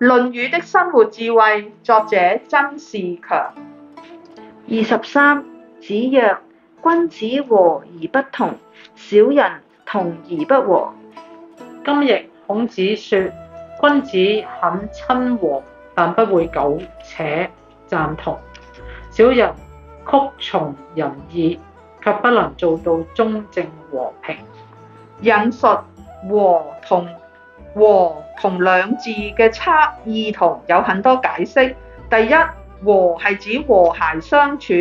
《論語》的生活智慧，作者曾仕強。二十三，子曰：君子和而不同，小人同而不和。今日孔子說，君子很親和，但不會苟且贊同；小人曲從人意，卻不能做到中正和平。引述和同。和同兩字嘅差異同有很多解釋。第一，和係指和諧相處，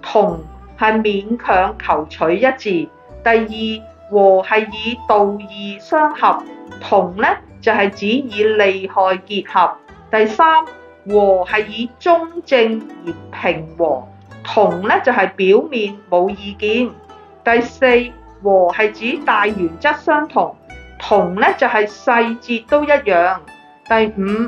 同係勉強求取一致。第二，和係以道義相合，同呢就係指以利害結合。第三，和係以中正而平和，同呢就係表面冇意見。第四，和係指大原則相同。同咧，就係細節都一樣。第五，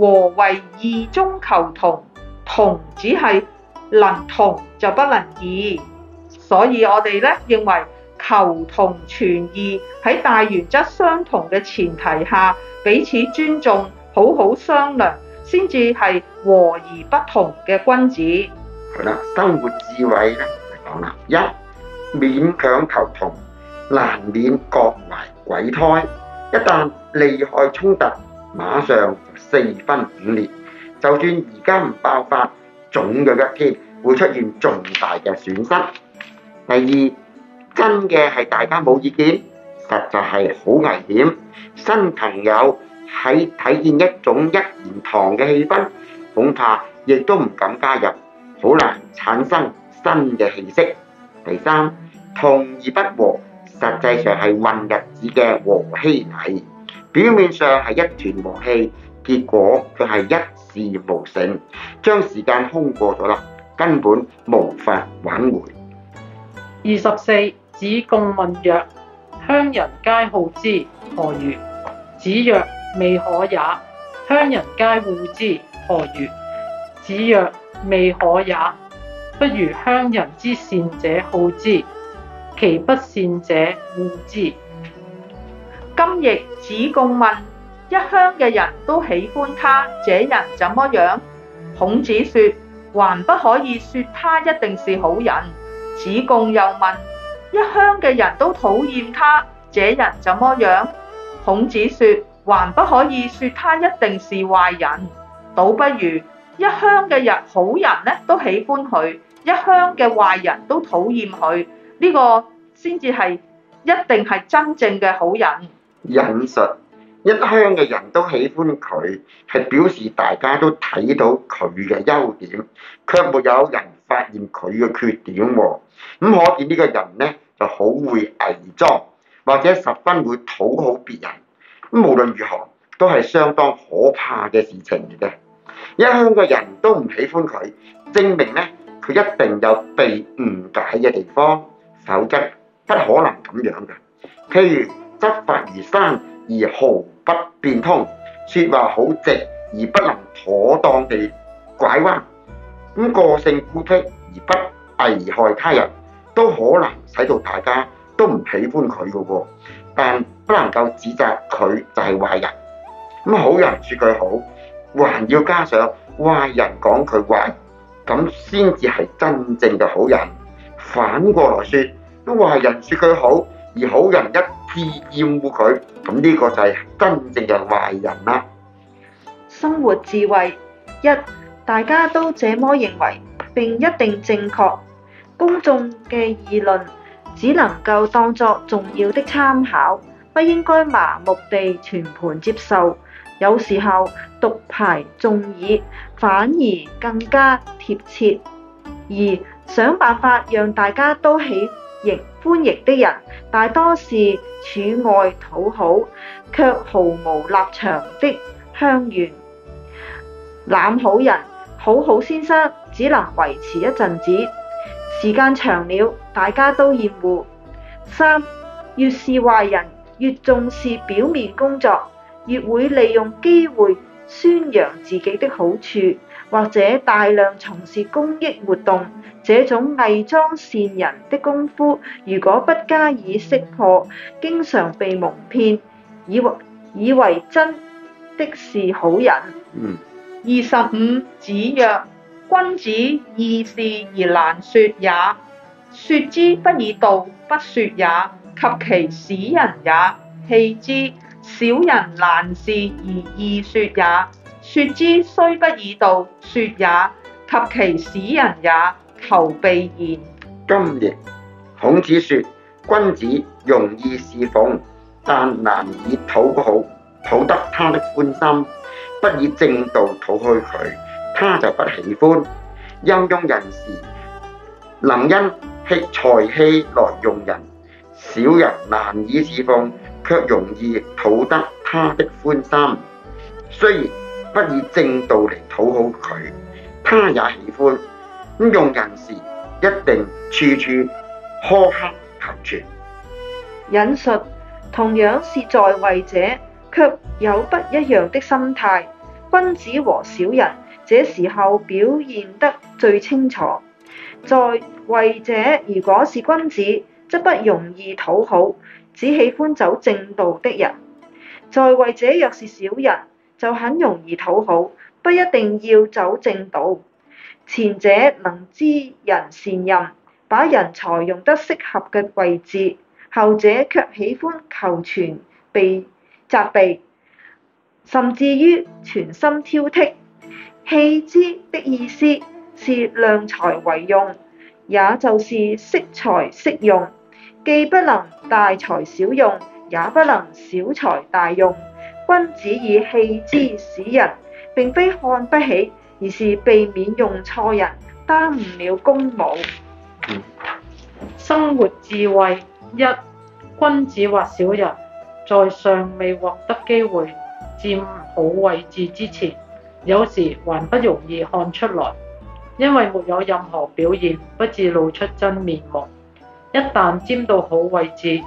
和為異中求同，同只係能同就不能異，所以我哋咧，認為求同存異，喺大原則相同嘅前提下，彼此尊重，好好商量，先至係和而不同嘅君子。係啦，生活智慧咧就講啦，一，勉強求同，難免各懷鬼胎，一旦利害衝突，馬上四分五裂。就算而家唔爆發，總有一天會出現重大嘅損失。第二，真嘅係大家冇意見，實在係好危險。新朋友喺睇見一種一言堂嘅氣氛，恐怕亦都唔敢加入，好難產生新嘅氣息。第三，同而不和。實際上係混日子嘅和稀泥，表面上係一團和氣，結果佢係一事無成，將時間空過咗啦，根本無法挽回。二十四，子貢問曰：鄉人皆好之，何如？子曰：未可也。鄉人皆惡之，何如？子曰：未可也。不如鄉人之善者好之，其不善者惡之。今亦子貢問：一鄉嘅人都喜歡他，這人怎麼樣？孔子說：還不可以說他一定是好人。子貢又問：一鄉嘅人都討厭他，這人怎麼樣？孔子說：還不可以說他一定是壞人。倒不如一鄉嘅人好人呢，都喜歡佢，一鄉嘅壞人都討厭佢。呢個先至係一定係真正嘅好人。引述一鄉嘅人都喜歡佢，係表示大家都睇到佢嘅優點，卻沒有人發現佢嘅缺點喎。咁可見呢個人呢就好會偽裝，或者十分會討好別人。咁無論如何都係相當可怕嘅事情嚟嘅。一鄉嘅人都唔喜歡佢，證明呢，佢一定有被誤解嘅地方。否則不可能咁樣嘅，譬如執法而生而毫不變通，説話好直而不能妥當地拐彎，咁個性孤僻而不危害他人，都可能使到大家都唔喜歡佢嘅喎。但不能夠指責佢就係壞人，咁好人説佢好，還要加上壞人講佢壞，咁先至係真正嘅好人。反過來說，都話係人說佢好，而好人一致厭惡佢，咁呢個就係真正嘅壞人啦。生活智慧一，大家都這麼認為並一定正確，公眾嘅議論只能夠當作重要的參考，不應該麻木地全盤接受。有時候獨排眾議反而更加貼切。二想辦法讓大家都喜迎歡迎的人，大多是處外討好，却毫無立場的鄉願濫好人，好好先生只能維持一陣子，時間長了大家都厭惡。三，越是壞人，越重視表面工作，越會利用機會宣揚自己的好處。或者大量從事公益活動，這種偽裝善人的功夫，如果不加以識破，經常被蒙騙，以為以為真的的是好人。嗯。二十五子曰：君子易事而難說也，說之不以道，不說也；及其使人也，器之。小人難事而易說也。説之雖不以道説也，及其使人也，求備焉。今日孔子説：君子容易侍奉，但難以討好，討得他的歡心，不以正道討去佢，他就不喜歡。陰庸人士能因棄才器來用人，小人難以侍奉，卻容易討得他的歡心，雖然。不以正道嚟討好佢，他也喜歡。咁用人時一定處處苛刻求全。引述同樣是在位者，卻有不一樣的心態。君子和小人，這時候表現得最清楚。在位者如果是君子，則不容易討好，只喜歡走正道的人。在位者若是小人，就很容易討好，不一定要走正道。前者能知人善任，把人才用得適合嘅位置；後者卻喜歡求全被責備，甚至於全心挑剔。器之的意思是量才為用，也就是適才適用，既不能大材小用，也不能小材大用。君子以器之，使人並非看不起，而是避免用錯人，耽誤了公務。生活智慧一：君子或小人，在尚未獲得機會佔好位置之前，有時還不容易看出來，因為沒有任何表現，不至露出真面目。一旦佔到好位置，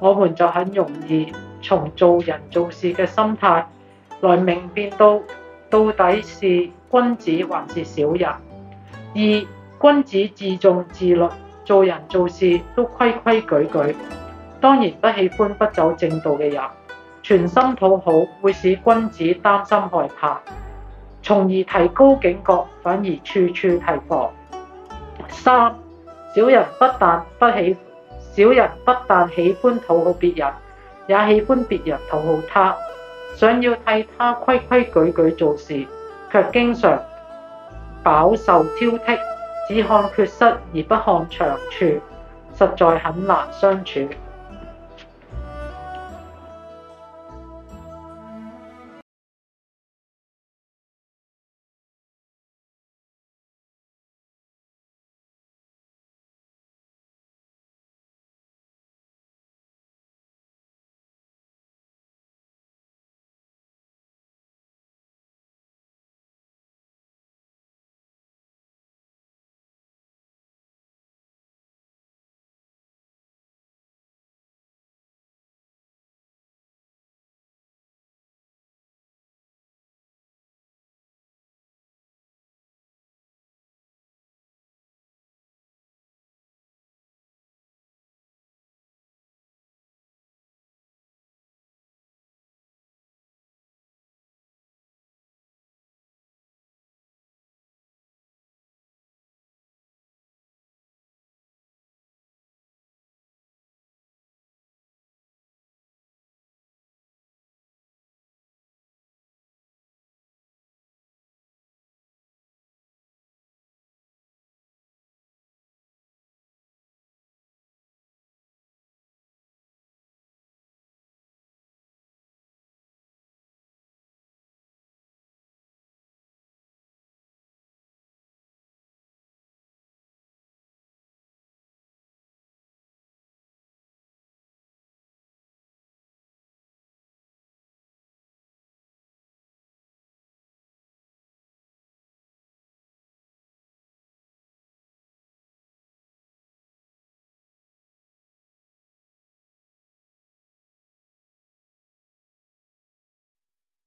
我們就很容易。從做人做事嘅心態來明辨到到底是君子還是小人。二、君子自重自律，做人做事都規規矩矩，當然不喜歡不走正道嘅人。全心討好會使君子擔心害怕，從而提高警覺，反而處處提防。三、小人不但不喜，小人不但喜歡討好別人。也喜歡別人討好他，想要替他規規矩矩做事，卻經常飽受挑剔，只看缺失而不看長處，實在很難相處。